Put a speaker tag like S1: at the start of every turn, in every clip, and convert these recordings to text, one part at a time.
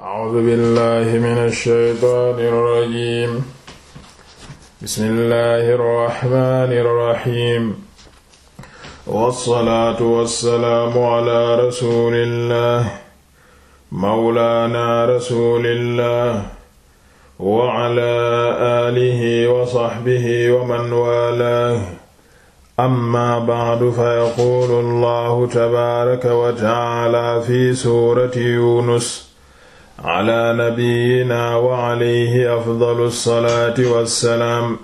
S1: A'uuzu billaahi mina shaytaani rajiim. Bismillaahi rahmaani rahiim. Wassalaatu wassalaamu alaa rasuulillaah. Mawlaanaa rasuulillaah. Wa alaa aalihi wa sahbihi wa man waalaah. Amma ba'du fa yaquulu Allaahu tabaaraka wa ta'aalaa fi suurati Yuunus. ala nabiyyina wa alayhi afdalu salaati wassalaam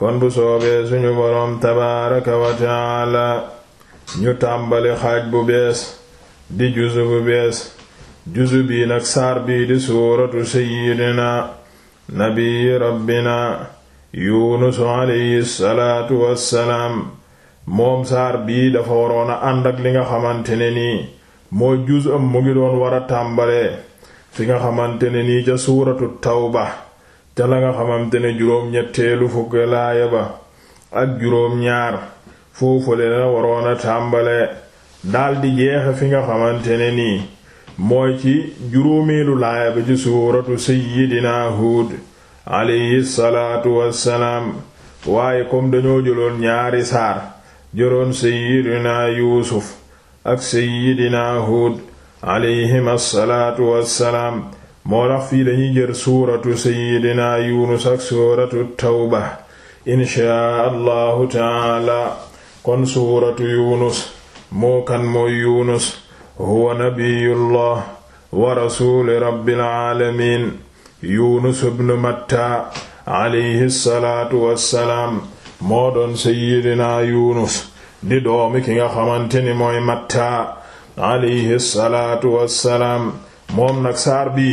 S1: kon bu soobee suñu boroom tabaaraka wa taala ñu tàmbali xaaj bu bees di juzu bu bees juzu bii nag saar bii di suuratu sayyidina nabiyyi rabbina yunus alayhi salaatu wassalaam moom saar bii dafa waroon a ànd li nga xamante ne nii moo juz am mu ngi doon war a tàmbalee fi nga xamante ne nii ca suuratu tawba ca la nga xamante ne juróom-ñetteelu fukki laaya ba ak juróom-ñaar foofule la waroon a tàmbale daldi jeexe fi nga xamante ne nii mooy ci juróomilu laaya ba ci suuratu sayyidina Huud alayhi salaatu wassalaam waaye comme dañoo jëloon ñaari saar jëroon sayyidina Yuusuf ak sayyidina Huud alayhim assalaatu wassalaam moo tax fii dañuy jër suuratu seydina yunus ak suuratu tawba inchaa allahu taala kon suuratu yunus moo kan mooy yunus huwa nabiyullah wa rasuuli rabbil aalamiin yunus ibnu matta alayhi salaatu wassalaam moo doon seydina yunus di doomi ki nga xamante mooy matta alayhi salaatu wassalaam moom nag saar bi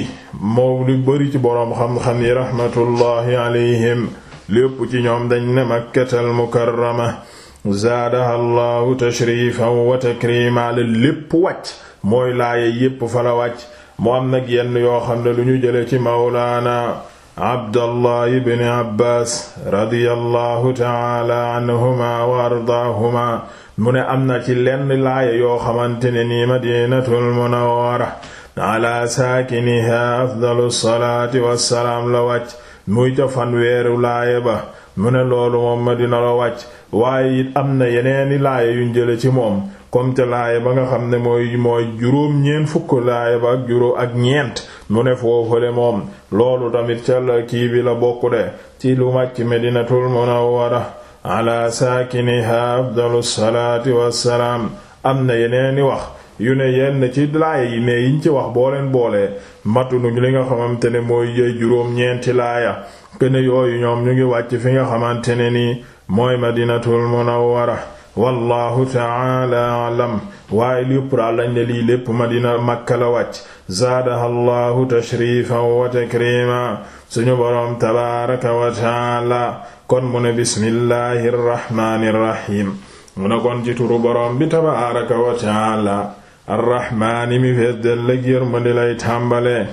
S1: moo lu bari ci boroom xam-xam yi raxmatullaahi alayhim lépp ci ñoom dañ ne makkatal mukarrama zaadaha allahu tashrifan wa takrima la lépp wàcc mooy laaye yépp fala wàcc mu am nag yenn yoo xam ne lu ñu jële ci mawlaana abdallah ibni abbaas radiyallahu taala anhuma wa ardaahuma mu ne am na ci lenn laaya yoo xamante ne nii madinatul munawwara ala saakiniha afdalu salaati wassalaam la wàcc muy ca fanweeru laaye ba mu ne loolu moom madina la wàcc waaye it am na yeneeni laaya yu jële ci moom comme te laaya ba nga xam ne mooy mooy juróom ñeent fukk laaya ba ak juróom ak ñeent mu ne foofale moom loolu tamit ca la kii bi la bokku de ci lu wàcc madinatul munawwara ala saakiniha afdalu salaati wassalaam am na yeneeni wax yu ne yenn ci laaya yi mais yiñ ci wax boo leen boolee matunuñ li nga xamante ne mooy yey juróom ñeenti laaya kene yooyu ñoom ñu ngi wàcc fi nga xamante ne nii mooy madinatul munawwara wallahu taala alam waaye lépp daal lañ ne lii lépp madina makka la wàcc zaadaha allahu tashrifan wa takrima suñu boroom tabaraka wa taala kon mu ne bismillahi rrahmani irrahim mu ne bi tabaaraka wa taala arrahmaani mi feesdel lëg yërmande lay tàmbalee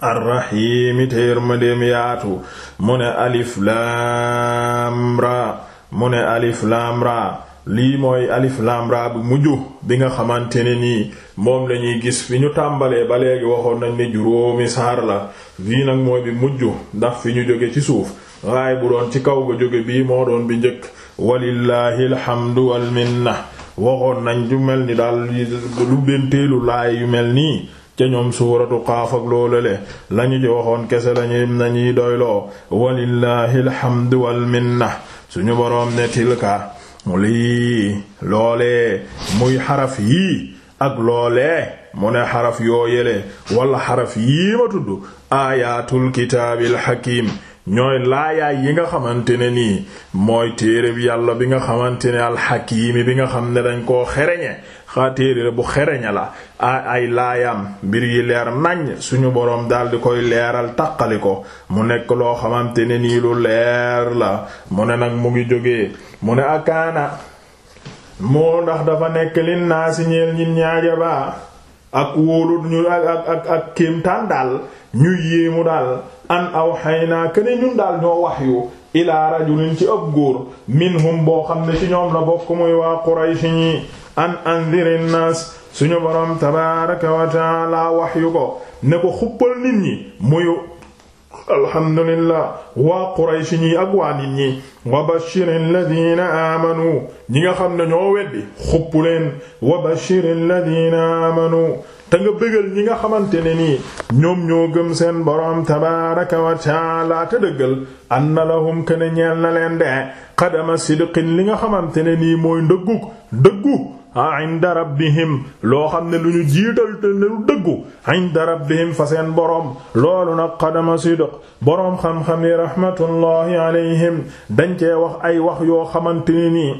S1: arrahimi te yërmandeem yaatu mu ne alif laam ra mu ne alif laam ra lii mooy alif laam ra bu mujj bi nga xamante ne nii moom la gis fi ñu tàmbalee ba léegi waxoon nañ ne juróomi saar la lii nag mooy bi mujj ndax fi ñu jóge ci suuf waaye bu doon ci kaw ga jóge bii moo doon bi njëkk walillahi alhamdu wal minna waxoon nañ ju mel ni daal lu benteelu laay yu mel nii ca ñoom suuratu qaaf ak loolale lañu ci waxoon kese lañuy nañuy doyloo walillahi alhamdu wal minna suñu boroom ne tilka lii loolee muy xaraf yii ak loole mu ne xaraf yoo yele wala xaraf yii ma tudd aayatul kitaabil hakiim ñooy laayaay yi nga xamante ne nii mooy téere bi yàlla bi nga xamante ne alxakiimi bi nga xam ne dañ koo xereñe xaa bu xereñe la a ay laayam mbir yi leer nañ suñu boroom daal di koy leeral taqali ko mu nekk loo xamante ne nii lu leer la mu ne nag mu ngi jógee mu ne akaana moo ndax dafa nekk lin naa si ñeel ñin ñaajabaa ak wóolu ñu ak ak ak ak kéemtaan daal ñu yéemu daal an aw xaynaa kene ñun daal ñoo wax yu ilaa ci ëpp góor minhum boo xam ne ci ñoom la bokk muy waa Quraysh ñi an andirin naas suñu borom tabaaraka wa taala wax ko ne ko xuppal nit ñi muyu alhamdulillah waa Quraysh ñi ak waa nit ñi wa bashiril ladina aamanu ñi nga xam ne ñoo weddi xupp leen wa bashiril ladina aamanu te nga bëggal ñi nga xamante ne nii ñoom ñoo gëm seen boroom tabaaraka wa taala te dëggal anna lahum kene ñeel na leen de qadama sidqin li nga xamante ne nii mooy ndëgguk dëggu a inda rabbihim loo xam ne lu ñu jiital te lu dëggu inda rabbihim fa seen boroom loolu nag qadama sidq boroom xam-xam yi rahmatullahi alayhim dañ cee wax ay wax yoo xamante ni nii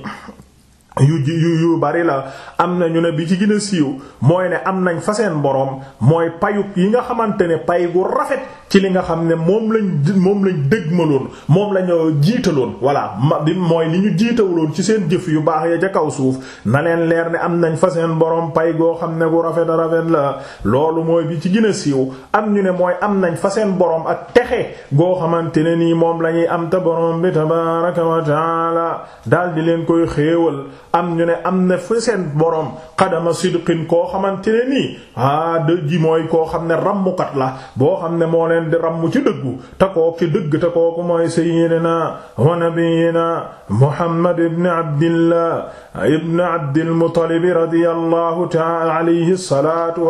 S1: yu yu yu bari la am na ñu ne bi ci gën siiw mooy ne am nañ fa seen boroom mooy payuk yi nga xamante ne pay rafet ci li nga xam ne moom lañ moom lañ dëgmaloon moom lañu jiitaloon voilà ma bi mooy li ñu jiitawloon ci seen jëf yu baax ya ca kaw suuf na leen leer ne am nañ fa boroom pay goo xam ne gu rafet a rafet la loolu mooy bi ci gën siiw am ñu ne mooy am nañ fa boroom ak texe goo xamante ne nii moom la ñuy am ta boroom bi tabaaraka wa taala daal di leen koy xéewal am ñu ne am na fu seen borom xadama sidqin koo xamante ne nii ah dëj ji mooy koo xam ne rammukat la boo xam ne moo leen di ramm ci dëggu te koo ci dëgg te kooku mooy sayyidina wa nabiyina Muhammad ibn Abdillah ibn Abdil Muttalib radiyallahu ta'ala alayhi salaatu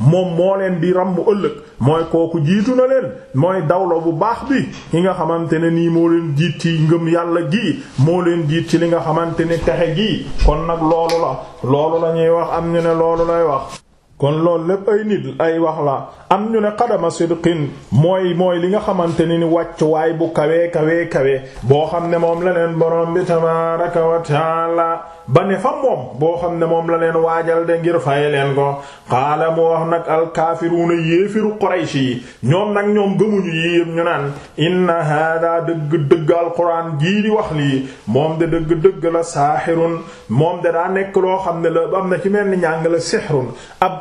S1: moom moo leen di ramm ëllëg mooy kooku jiitu na leen mooy dawlo bu baax bi ki nga xamante ne nii moo leen jiit ci ngëm yàlla gi moo leen jiit ci li nga xamante ne texe gi kon nag loolu la loolu la ñuy wax am ñu ne loolu lay wax kon loolu lépp ay nit ay wax la am ñu ne xadama sidqin mooy mooy li nga xamante ni ni wàcc waay bu kawee kawee kawee boo xam ne moom la leen borom bi tabaaraka wa taala ba ne fa moom boo xam ne moom la leen waajal de ngir fay leen ko xaala mu wax nag alkaafiruuna yéefiru Qurayshi yi ñoom nag ñoom gëmuñu yi yëpp ñu naan inna hada dëgg dëgg alquran gii di wax lii moom de dëgg dëgg la saaxirun moom de daa nekk loo xam ne la am na ci mel ni ñàng la sihrun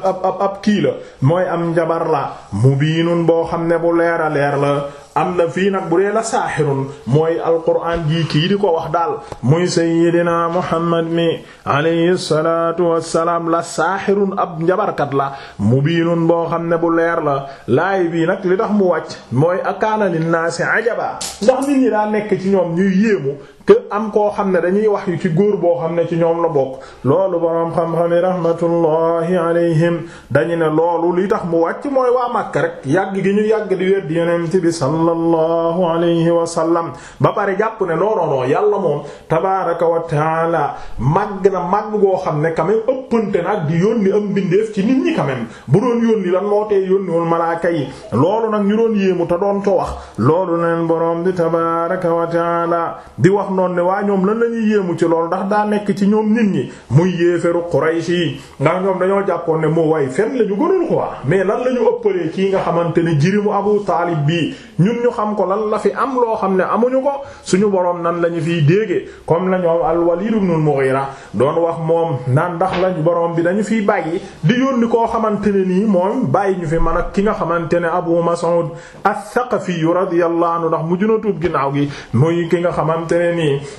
S1: ab ab ab kii la mooy am njabar la mubiinun boo xam ne bu leer a leer la am na fii nag bu dee la saaxirun mooy alquraan jii kii di ko wax daal muy sayyidina muhammad mi alayhi salaatu wassalaam la saaxirun ab njabarkat la mubiinun boo xam ne bu leer la laay bii nag li tax mu wàcc mooy akaana linnaasi ajaba ndax nit ñi daa nekk ci ñoom ñuy yéemu que am koo xam ne dañuy wax yu ci góor boo xam ne ci ñoom la bokk loolu boroom xam-xami rahmatullahi alayhim dañu ne loolu li tax mu wàcc mooy waa Makka rek yàgg gi ñu yàgg di weddi yonent bi sallallahu alayhi wa sallam ba pare jàpp ne non non non yàlla moom tabaraka wa taala màgg na màgg goo xam ne quand même ëppante nag di yónni am bindeef ci nit ñi quand même bu doon yónni lan moo tee yónni woon malaaka yi loolu nag ñu doon yéemu te doon ko wax loolu leen boroom bi tabaraka waxoon noonu ne waa ñoom lan la ñuy yéemu ci loolu ndax daa nekk ci ñoom nit ñi muy yéeferu Quraysh yi ndax ñoom dañoo jàppoon ne moo way fenn la ñu gënul quoi mais lan la ñu ëppalee kii nga xamante ne jirimu Abu Taalib bii ñun ñu xam ko lan la fi am loo xam ne amuñu ko suñu boroom nan la ñu fiy déggee comme la ñoom al-Walid ibn al-Mughira doon wax moom naan ndax lañ boroom bi dañu fiy bàyyi di yónni koo xamante ne nii moom bàyyi ñu fi man ak ki nga xamante ne Abu Mas'ud ath-Thaqafi radiyallahu anhu ndax mujj na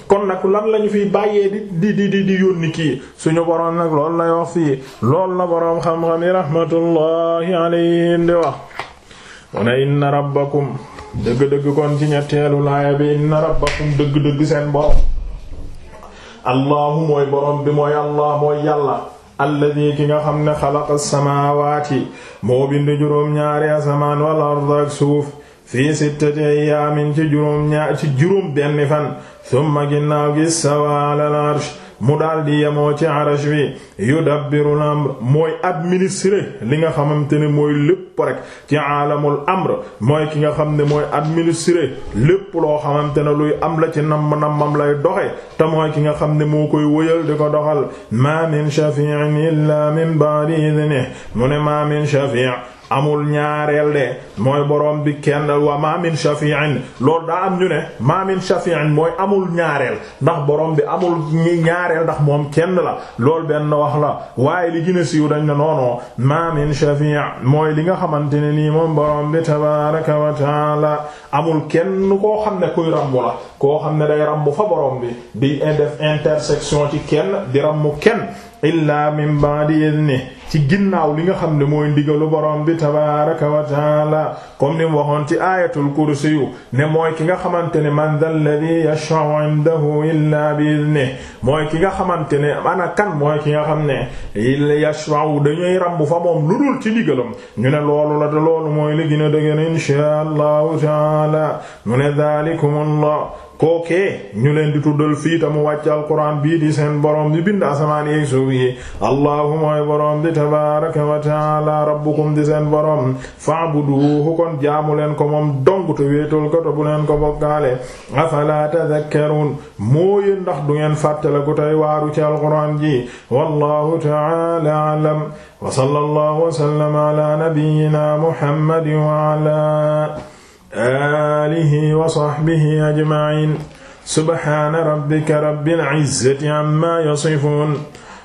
S1: kon nag lan lañu fi bàyyee di di di di yónni kii suñu boroom nag lool lay wax fii loolu la boroom xam-xam yi rahmatullahi alayhim di wax mu ne inna rabbakum dëgg-dëgg kon ci ñetteelu laaya bi inna rabbakum dëgg-dëgg seen borom allahu mooy borom bi mooy allah mooy yàlla alladi ki nga xam ne xalaqa samaawaati moo bind juróom ñaari asamaan wal ard ak suuf fii sittati ayyaamin ci juróom ñaar ci juróom benn fan summa ginnaaw gi sawa alal arsh mu daldi yemoo ci arsh bi yudabbirul amr mooy administrer li nga xamante ne mooy lépp rek ci aalamul amr mooy ki nga xam ne mooy administrer lépp loo xamante ne luy am la ci namm nammam lay doxe te mooy ki nga xam ne moo koy wëyal di ko doxal ma min shafi'in illa min ba'di idnihi mu ne ma min amul ñaareel de mooy borom bi kenn wa ma min shafi'in loolu daa am ñu ne ma min shafi'in mooy amul ñaareel ndax borom bi amul ñaareel ndax moom kenn la lool benn wax la waaye li gën a siiw dañ ne noonoo ma min shafi'in mooy li nga xamante ne nii moom borom bi tabaraka wa taala amul kenn koo xam ne kuy rambu la koo xam ne day rambu fa borom bi di def intersection ci kenn di rambu kenn illa min ba'di idni ci ginnaaw li nga xam ne mooy ndigalu borom bi tabaaraka wa taala comme ni mu waxoon ci aayatul kursi yu ne mooy ki nga xamante ne man dal ladhi yashfa'u 'indahu illaa bi idnihi mooy ki nga xamante ne ana kan mooy ki nga xam ne yashfa'u dañuy rambu fa moom lu dul ci ndigalam ñu ne loolu la te loolu mooy li gën a dëgër inshaa Allahu taala mu ne dhalikumullah kookee ñu leen di tuddal fii ta mu wàcc alquran bii di seen borom bi bind asamaan yeeg suuf yi allahumma borom tabaaraka wa ta'aala rabbukum di seen borom fa'buduhu kon jaamu leen ko moom dong te wéetul ko te bu leen ko bokkaale afalaa tadhakkarun moo yéen ndax du ngeen fàttale ku tey waaru ci alquraan ji wallahu ta'aala a'lam wa sallallahu wa sallama ala nabiyyina muhammadin wa ala alihi wa sahbihi ajma'in subhaana rabbika rabbil izzati amma yasifun